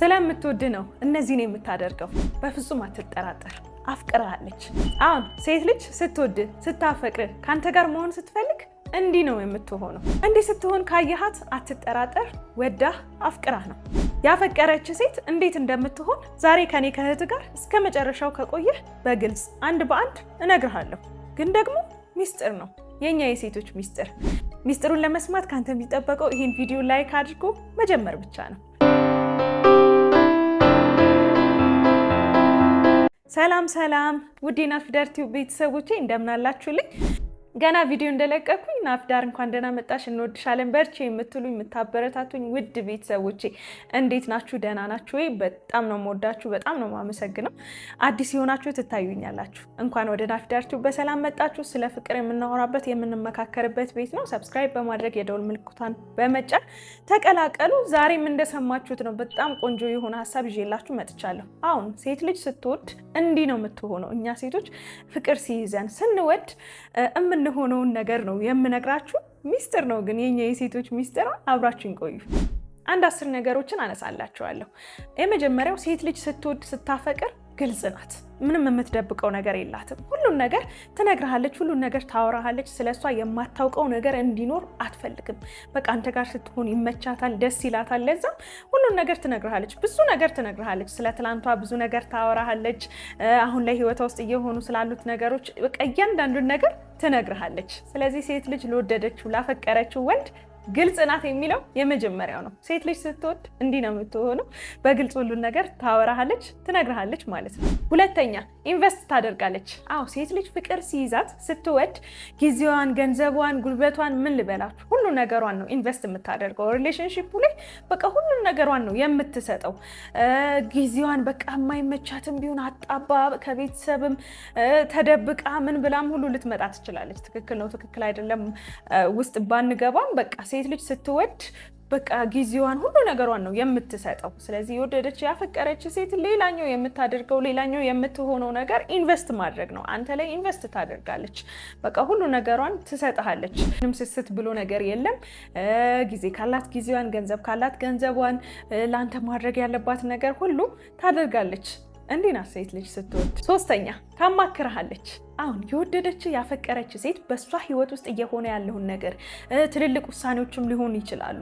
ስለምትወድ ነው እነዚህን የምታደርገው። በፍጹም አትጠራጠር፣ አፍቅራለች። አሁን ሴት ልጅ ስትወድ ስታፈቅር፣ ከአንተ ጋር መሆን ስትፈልግ እንዲህ ነው የምትሆነው። እንዲህ ስትሆን ካየሃት አትጠራጠር፣ ወዳህ አፍቅራህ ነው። ያፈቀረች ሴት እንዴት እንደምትሆን ዛሬ ከኔ ከእህት ጋር እስከ መጨረሻው ከቆየህ በግልጽ አንድ በአንድ እነግርሃለሁ። ግን ደግሞ ሚስጥር ነው፣ የእኛ የሴቶች ሚስጥር። ሚስጥሩን ለመስማት ካንተ የሚጠበቀው ይህን ቪዲዮ ላይክ አድርጎ መጀመር ብቻ ነው። ሰላም ሰላም ውዴና ፊደር ቲዩብ ቤተሰቦቼ እንደምናላችሁልኝ ገና ቪዲዮ እንደለቀኩኝ ናፍዳር እንኳን ደህና መጣሽ፣ እንወድሻለን፣ በርቺ የምትሉ የምታበረታቱኝ ውድ ቤተሰቦቼ እንዴት ናችሁ? ደህና ናችሁ ወይ? በጣም ነው የምወዳችሁ፣ በጣም ነው የማመሰግነው። አዲስ የሆናችሁ ትታዩኛላችሁ፣ እንኳን ወደ ናፍዳር ቲዩብ በሰላም መጣችሁ። ስለ ፍቅር የምናወራበት የምንመካከርበት ቤት ነው። ሰብስክራይብ በማድረግ የደውል ምልክቷን በመጫን ተቀላቀሉ። ዛሬም እንደሰማችሁት ነው በጣም ቆንጆ የሆነ ሀሳብ ይዤላችሁ መጥቻለሁ። አሁን ሴት ልጅ ስትወድ እንዲህ ነው የምትሆነው። እኛ ሴቶች ፍቅር ሲይዘን ስንወድ ያለ ሆነውን ነገር ነው የምነግራችሁ። ሚስጥር ነው ግን የኛ የሴቶች ሚስጥር። አብራችን ቆዩ። አንድ አስር ነገሮችን አነሳላችኋለሁ። የመጀመሪያው ሴት ልጅ ስትወድ ስታፈቅር ግልጽ ናት። ምንም የምትደብቀው ነገር የላትም። ሁሉን ነገር ትነግርሃለች፣ ሁሉን ነገር ታወራሃለች። ስለሷ የማታውቀው ነገር እንዲኖር አትፈልግም። በቃ አንተ ጋር ስትሆን ይመቻታል፣ ደስ ይላታል። ለዛም ሁሉን ነገር ትነግርሃለች፣ ብዙ ነገር ትነግርሃለች። ስለ ትላንቷ ብዙ ነገር ታወራሃለች። አሁን ላይ ህይወቷ ውስጥ እየሆኑ ስላሉት ነገሮች፣ በቃ እያንዳንዱን ነገር ትነግርሃለች። ስለዚህ ሴት ልጅ ለወደደችው ላፈቀረችው ወንድ ግልጽ ናት የሚለው የመጀመሪያው ነው። ሴት ልጅ ስትወድ እንዲህ ነው የምትሆነው። በግልጽ ሁሉን ነገር ታወራሃለች፣ ትነግርሃለች ማለት ነው። ሁለተኛ ኢንቨስት ታደርጋለች። አዎ ሴት ልጅ ፍቅር ሲይዛት ስትወድ ጊዜዋን፣ ገንዘቧን፣ ጉልበቷን ምን ልበላችሁ ሁሉ ነገሯን ነው ኢንቨስት የምታደርገው ሪሌሽንሽፑ ላይ በቃ ሁሉ ነገሯን ነው የምትሰጠው። ጊዜዋን በቃ የማይመቻትም ቢሆን አጣባ ከቤተሰብም ተደብቃ ምን ብላም ሁሉ ልትመጣ ትችላለች። ትክክል ነው ትክክል አይደለም ውስጥ ባንገባም በቃ ሴት ልጅ ስትወድ በቃ ጊዜዋን ሁሉ ነገሯን ነው የምትሰጠው። ስለዚህ የወደደች ያፈቀረች ሴት ሌላኛው የምታደርገው ሌላኛው የምትሆነው ነገር ኢንቨስት ማድረግ ነው። አንተ ላይ ኢንቨስት ታደርጋለች። በቃ ሁሉ ነገሯን ትሰጥሃለች። ምንም ስስት ብሎ ነገር የለም። ጊዜ ካላት ጊዜዋን፣ ገንዘብ ካላት ገንዘቧን፣ ለአንተ ማድረግ ያለባት ነገር ሁሉ ታደርጋለች። እንዲህ ናት ሴት ልጅ ስትወድ። ሶስተኛ ታማክርሃለች። አሁን የወደደች ያፈቀረች ሴት በእሷ ህይወት ውስጥ እየሆነ ያለውን ነገር ትልልቅ ውሳኔዎችም ሊሆኑ ይችላሉ።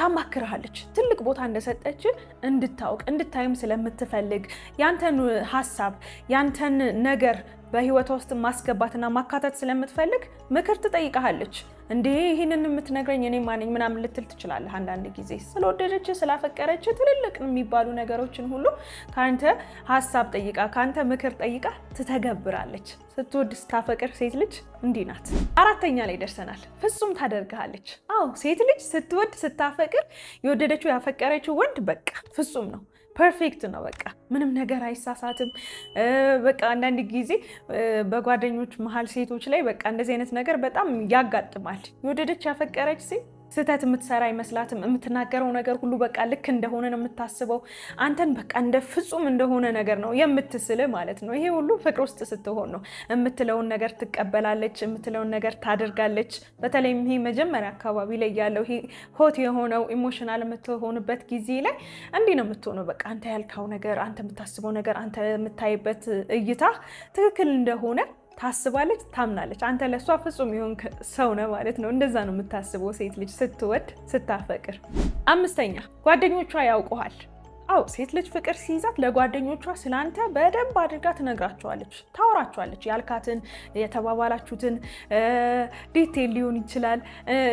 ታማክርሃለች። ትልቅ ቦታ እንደሰጠች እንድታውቅ እንድታይም ስለምትፈልግ ያንተን ሀሳብ ያንተን ነገር በህይወቷ ውስጥ ማስገባትና ማካተት ስለምትፈልግ ምክር ትጠይቀሃለች። እንዴ ይህንን የምትነግረኝ እኔ ማነኝ ምናምን ልትል ትችላለህ። አንዳንድ ጊዜ ስለወደደች ስላፈቀረች ትልልቅ የሚባሉ ነገሮችን ሁሉ ከአንተ ሀሳብ ጠይቃ ከአንተ ምክር ጠይቃ ትተገብራለች። ስትወድ ስታፈቅር ሴት ልጅ እንዲህ ናት። አራተኛ ላይ ደርሰናል። ፍጹም ታደርግሃለች። አዎ ሴት ልጅ ስትወድ ስታፈቅር የወደደችው ያፈቀረችው ወንድ በቃ ፍጹም ነው። ፐርፌክት ነው። በቃ ምንም ነገር አይሳሳትም። በቃ አንዳንድ ጊዜ በጓደኞች መሀል ሴቶች ላይ በቃ እንደዚህ አይነት ነገር በጣም ያጋጥማል። የወደደች ያፈቀረች ሴት ስህተት የምትሰራ አይመስላትም። የምትናገረው ነገር ሁሉ በቃ ልክ እንደሆነ ነው የምታስበው። አንተን በቃ እንደ ፍጹም እንደሆነ ነገር ነው የምትስል ማለት ነው። ይሄ ሁሉ ፍቅር ውስጥ ስትሆን ነው። የምትለውን ነገር ትቀበላለች፣ የምትለውን ነገር ታደርጋለች። በተለይም ይሄ መጀመሪያ አካባቢ ላይ ያለው ይሄ ሆት የሆነው ኢሞሽናል የምትሆንበት ጊዜ ላይ እንዲህ ነው የምትሆነው። በቃ አንተ ያልካው ነገር፣ አንተ የምታስበው ነገር፣ አንተ የምታይበት እይታ ትክክል እንደሆነ ታስባለች፣ ታምናለች። አንተ ለእሷ ፍጹም የሆን ሰው ነህ ማለት ነው። እንደዛ ነው የምታስበው ሴት ልጅ ስትወድ፣ ስታፈቅር። አምስተኛ ጓደኞቿ ያውቁሃል። አው ሴት ልጅ ፍቅር ሲይዛት ለጓደኞቿ ስላንተ በደንብ አድርጋ ትነግራቸዋለች፣ ታወራቸዋለች። ያልካትን የተባባላችሁትን ዲቴል ሊሆን ይችላል።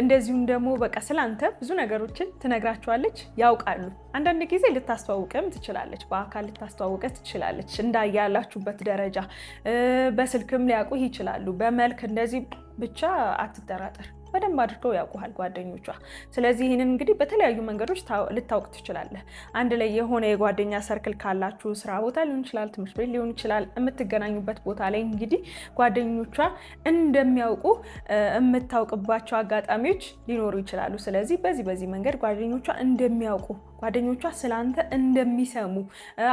እንደዚሁም ደግሞ በቃ ስላንተ ብዙ ነገሮችን ትነግራቸዋለች፣ ያውቃሉ። አንዳንድ ጊዜ ልታስተዋውቅም ትችላለች፣ በአካል ልታስተዋውቀ ትችላለች። እንዳያላችሁበት ደረጃ በስልክም ሊያውቁህ ይችላሉ። በመልክ እንደዚህ ብቻ አትጠራጠር። በደንብ አድርገው ያውቁሃል ጓደኞቿ። ስለዚህ ይህንን እንግዲህ በተለያዩ መንገዶች ልታውቅ ትችላለህ። አንድ ላይ የሆነ የጓደኛ ሰርክል ካላችሁ ስራ ቦታ ሊሆን ይችላል፣ ትምህርት ቤት ሊሆን ይችላል፣ የምትገናኙበት ቦታ ላይ እንግዲህ ጓደኞቿ እንደሚያውቁ የምታውቅባቸው አጋጣሚዎች ሊኖሩ ይችላሉ። ስለዚህ በዚህ በዚህ መንገድ ጓደኞቿ እንደሚያውቁ ጓደኞቿ ስለ አንተ እንደሚሰሙ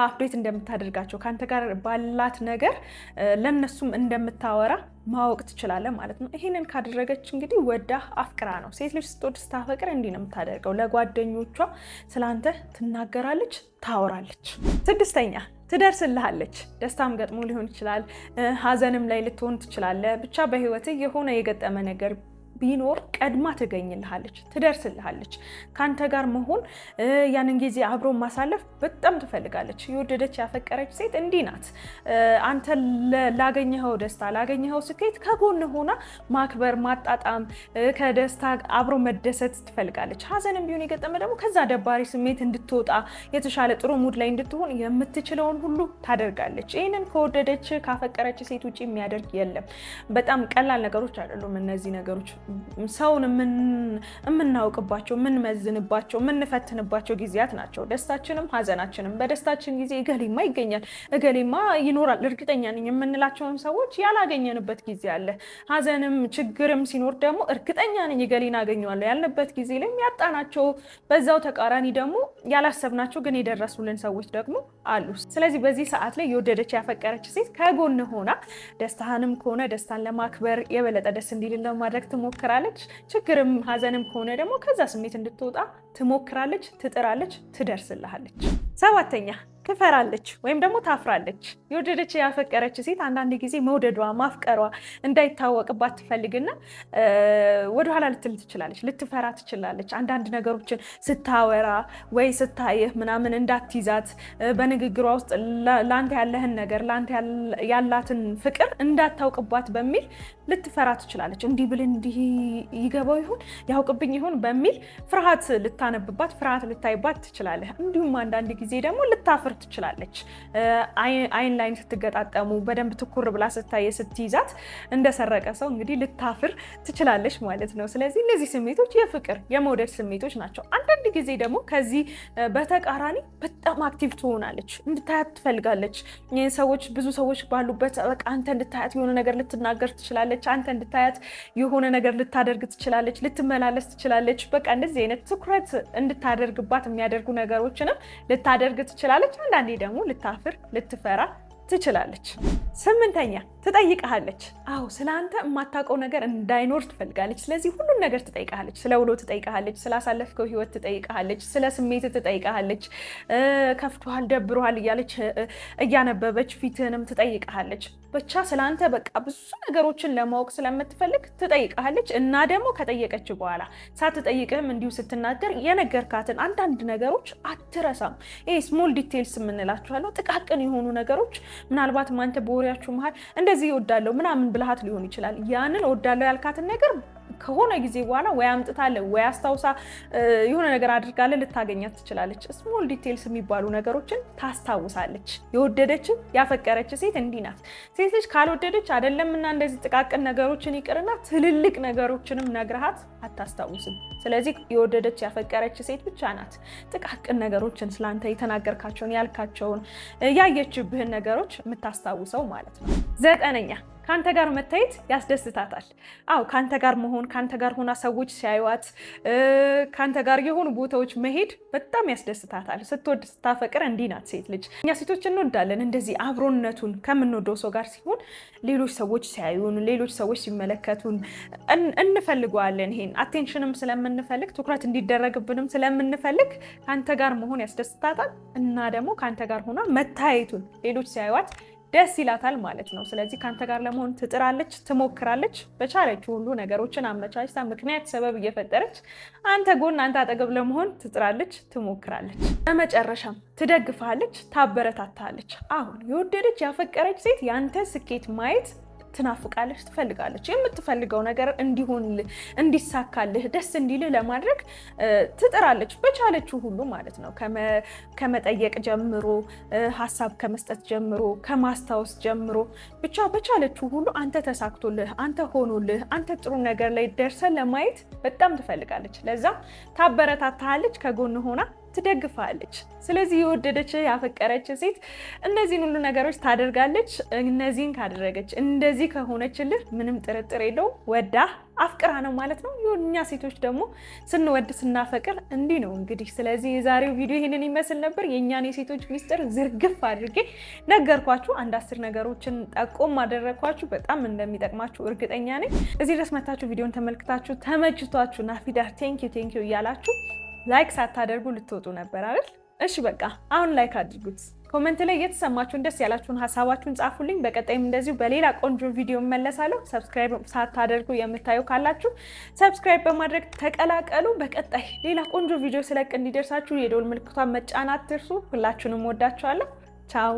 አፕዴት እንደምታደርጋቸው ከአንተ ጋር ባላት ነገር ለእነሱም እንደምታወራ ማወቅ ትችላለህ ማለት ነው። ይህንን ካደረገች እንግዲህ ወዳ አፍቅራ ነው። ሴት ልጅ ስትወድ ስታፈቅር እንዲህ ነው የምታደርገው። ለጓደኞቿ ስለ አንተ ትናገራለች፣ ታወራለች። ስድስተኛ ትደርስልሃለች። ደስታም ገጥሞ ሊሆን ይችላል፣ ሀዘንም ላይ ልትሆን ትችላለህ። ብቻ በህይወት የሆነ የገጠመ ነገር ቢኖር ቀድማ ትገኝልሃለች፣ ትደርስልሃለች። ከአንተ ጋር መሆን ያንን ጊዜ አብሮ ማሳለፍ በጣም ትፈልጋለች። የወደደች ያፈቀረች ሴት እንዲህ ናት። አንተ ላገኘኸው ደስታ፣ ላገኘኸው ስኬት ከጎን ሆና ማክበር፣ ማጣጣም፣ ከደስታ አብሮ መደሰት ትፈልጋለች። ሀዘንም ቢሆን የገጠመ ደግሞ ከዛ ደባሪ ስሜት እንድትወጣ የተሻለ ጥሩ ሙድ ላይ እንድትሆን የምትችለውን ሁሉ ታደርጋለች። ይህንን ከወደደች ካፈቀረች ሴት ውጭ የሚያደርግ የለም። በጣም ቀላል ነገሮች አይደሉም እነዚህ ነገሮች። ሰውን የምናውቅባቸው የምንመዝንባቸው የምንፈትንባቸው ጊዜያት ናቸው። ደስታችንም ሀዘናችንም በደስታችን ጊዜ እገሌማ ይገኛል እገሌማ ይኖራል እርግጠኛ ነኝ የምንላቸውን ሰዎች ያላገኘንበት ጊዜ አለ። ሀዘንም ችግርም ሲኖር ደግሞ እርግጠኛ ነኝ እገሌን አገኘዋለሁ ያልንበት ጊዜ ላይም ያጣናቸው፣ በዛው ተቃራኒ ደግሞ ያላሰብናቸው ግን የደረሱልን ሰዎች ደግሞ አሉ። ስለዚህ በዚህ ሰዓት ላይ የወደደች ያፈቀረች ሴት ከጎን ሆና ደስታህንም ከሆነ ደስታን ለማክበር የበለጠ ደስ እንዲልን ለማድረግ ትሞ ትሞክራለች። ችግርም ሀዘንም ከሆነ ደግሞ ከዛ ስሜት እንድትወጣ ትሞክራለች፣ ትጥራለች፣ ትደርስልሃለች። ሰባተኛ ትፈራለች ወይም ደግሞ ታፍራለች። የወደደች ያፈቀረች ሴት አንዳንድ ጊዜ መውደዷ ማፍቀሯ እንዳይታወቅባት ትፈልግና ወደኋላ ልትል ትችላለች፣ ልትፈራ ትችላለች። አንዳንድ ነገሮችን ስታወራ ወይ ስታይህ ምናምን እንዳትይዛት፣ በንግግሯ ውስጥ ለአንተ ያለህን ነገር ለአንተ ያላትን ፍቅር እንዳታውቅባት በሚል ልትፈራ ትችላለች። እንዲህ ብል እንዲህ ይገባው ይሁን ያውቅብኝ ይሁን በሚል ፍርሃት ልታነብባት፣ ፍርሃት ልታይባት ትችላለህ። እንዲሁም አንዳንድ ጊዜ ደግሞ ልታፍር መውሰድ ትችላለች። አይን ላይን ስትገጣጠሙ በደንብ ትኩር ብላ ስታየ ስትይዛት እንደሰረቀ ሰው እንግዲህ ልታፍር ትችላለች ማለት ነው። ስለዚህ እነዚህ ስሜቶች የፍቅር የመውደድ ስሜቶች ናቸው። አንዳንድ ጊዜ ደግሞ ከዚህ በተቃራኒ በጣም አክቲቭ ትሆናለች፣ እንድታያት ትፈልጋለች። ሰዎች ብዙ ሰዎች ባሉበት በቃ አንተ እንድታያት የሆነ ነገር ልትናገር ትችላለች። አንተ እንድታያት የሆነ ነገር ልታደርግ ትችላለች፣ ልትመላለስ ትችላለች። በቃ እንደዚህ አይነት ትኩረት እንድታደርግባት የሚያደርጉ ነገሮችንም ልታደርግ ትችላለች። አንዳንዴ ደግሞ ልታፍር ልትፈራ ትችላለች። ስምንተኛ ትጠይቀሃለች። አዎ ስለ አንተ የማታውቀው ነገር እንዳይኖር ትፈልጋለች። ስለዚህ ሁሉን ነገር ትጠይቅሃለች። ስለ ውሎ ትጠይቅሃለች፣ ስላሳለፍከው ህይወት ትጠይቅሃለች፣ ስለ ስሜት ትጠይቅሃለች። ከፍቶሃል፣ ደብሮሃል እያለች እያነበበች ፊትህንም ትጠይቅሃለች። ብቻ አንተ በቃ ብዙ ነገሮችን ለማወቅ ስለምትፈልግ ትጠይቃለች እና ደግሞ ከጠየቀች በኋላ ሳትጠይቅህም እንዲሁ ስትናገር የነገርካትን አንዳንድ ነገሮች አትረሳም። ይሄ ስሞል ዲቴልስ የምንላቸዋለው ጥቃቅን የሆኑ ነገሮች ምናልባት አንተ በወሬያችሁ መሀል እንደዚህ እወዳለሁ ምናምን ብልሃት ሊሆን ይችላል። ያንን እወዳለሁ ያልካትን ነገር ከሆነ ጊዜ በኋላ ወይ አምጥታለ ወይ አስታውሳ የሆነ ነገር አድርጋለ ልታገኛት ትችላለች። ስሞል ዲቴልስ የሚባሉ ነገሮችን ታስታውሳለች። የወደደች ያፈቀረች ሴት እንዲህ ናት። ሴት ልጅ ካልወደደች አይደለም እና እንደዚህ ጥቃቅን ነገሮችን ይቅርና ትልልቅ ነገሮችንም ነግረሃት አታስታውስም። ስለዚህ የወደደች ያፈቀረች ሴት ብቻ ናት ጥቃቅን ነገሮችን ስላንተ የተናገርካቸውን ያልካቸውን ያየችብህን ነገሮች የምታስታውሰው ማለት ነው። ዘጠነኛ ከአንተ ጋር መታየት ያስደስታታል። አዎ ከአንተ ጋር መሆን፣ ከአንተ ጋር ሆና ሰዎች ሲያዩዋት፣ ከአንተ ጋር የሆኑ ቦታዎች መሄድ በጣም ያስደስታታል። ስትወድ ስታፈቅር፣ እንዲህ ናት ሴት ልጅ። እኛ ሴቶች እንወዳለን እንደዚህ አብሮነቱን ከምንወደው ሰው ጋር ሲሆን፣ ሌሎች ሰዎች ሲያዩን፣ ሌሎች ሰዎች ሲመለከቱን እንፈልገዋለን። ይሄን አቴንሽንም ስለምንፈልግ ትኩረት እንዲደረግብንም ስለምንፈልግ ከአንተ ጋር መሆን ያስደስታታል እና ደግሞ ከአንተ ጋር ሆና መታየቱን ሌሎች ሲያዩዋት ደስ ይላታል ማለት ነው። ስለዚህ ከአንተ ጋር ለመሆን ትጥራለች፣ ትሞክራለች። በቻለች ሁሉ ነገሮችን አመቻችታ ምክንያት፣ ሰበብ እየፈጠረች አንተ ጎን፣ አንተ አጠገብ ለመሆን ትጥራለች፣ ትሞክራለች። በመጨረሻም ትደግፋለች፣ ታበረታታለች። አሁን የወደደች ያፈቀረች ሴት የአንተ ስኬት ማየት ትናፍቃለች፣ ትፈልጋለች። የምትፈልገው ነገር እንዲሆንልህ፣ እንዲሳካልህ፣ ደስ እንዲልህ ለማድረግ ትጥራለች በቻለችው ሁሉ ማለት ነው። ከመጠየቅ ጀምሮ፣ ሀሳብ ከመስጠት ጀምሮ፣ ከማስታወስ ጀምሮ ብቻ በቻለችው ሁሉ አንተ ተሳክቶልህ፣ አንተ ሆኖልህ፣ አንተ ጥሩ ነገር ላይ ደርሰን ለማየት በጣም ትፈልጋለች። ለዛ ታበረታታለች ከጎን ሆና ትደግፋለች። ስለዚህ የወደደች ያፈቀረች ሴት እነዚህን ሁሉ ነገሮች ታደርጋለች። እነዚህን ካደረገች እንደዚህ ከሆነችልህ ምንም ጥርጥር የለው ወዳ አፍቅራ ነው ማለት ነው። እኛ ሴቶች ደግሞ ስንወድ ስናፈቅር እንዲህ ነው እንግዲህ። ስለዚህ የዛሬው ቪዲዮ ይህንን ይመስል ነበር። የእኛን የሴቶች ሚስጥር ዝርግፍ አድርጌ ነገርኳችሁ። አንድ አስር ነገሮችን ጠቆም አደረግኳችሁ። በጣም እንደሚጠቅማችሁ እርግጠኛ ነኝ። እዚህ ድረስ መታችሁ ቪዲዮን ተመልክታችሁ ተመችቷችሁ ናፊዳር ቴንኪዩ ቴንኪዩ እያላችሁ ላይክ ሳታደርጉ ልትወጡ ነበር አይደል? እሺ በቃ አሁን ላይክ አድርጉት። ኮመንት ላይ የተሰማችሁን ደስ ያላችሁን ሀሳባችሁን ጻፉልኝ። በቀጣይም እንደዚሁ በሌላ ቆንጆ ቪዲዮ እመለሳለሁ። ሰብስክራይብ ሳታደርጉ የምታዩ ካላችሁ ሰብስክራይብ በማድረግ ተቀላቀሉ። በቀጣይ ሌላ ቆንጆ ቪዲዮ ስለቅ እንዲደርሳችሁ የደወል ምልክቷን መጫን አትርሱ። ሁላችሁንም ወዳችኋለሁ። ቻው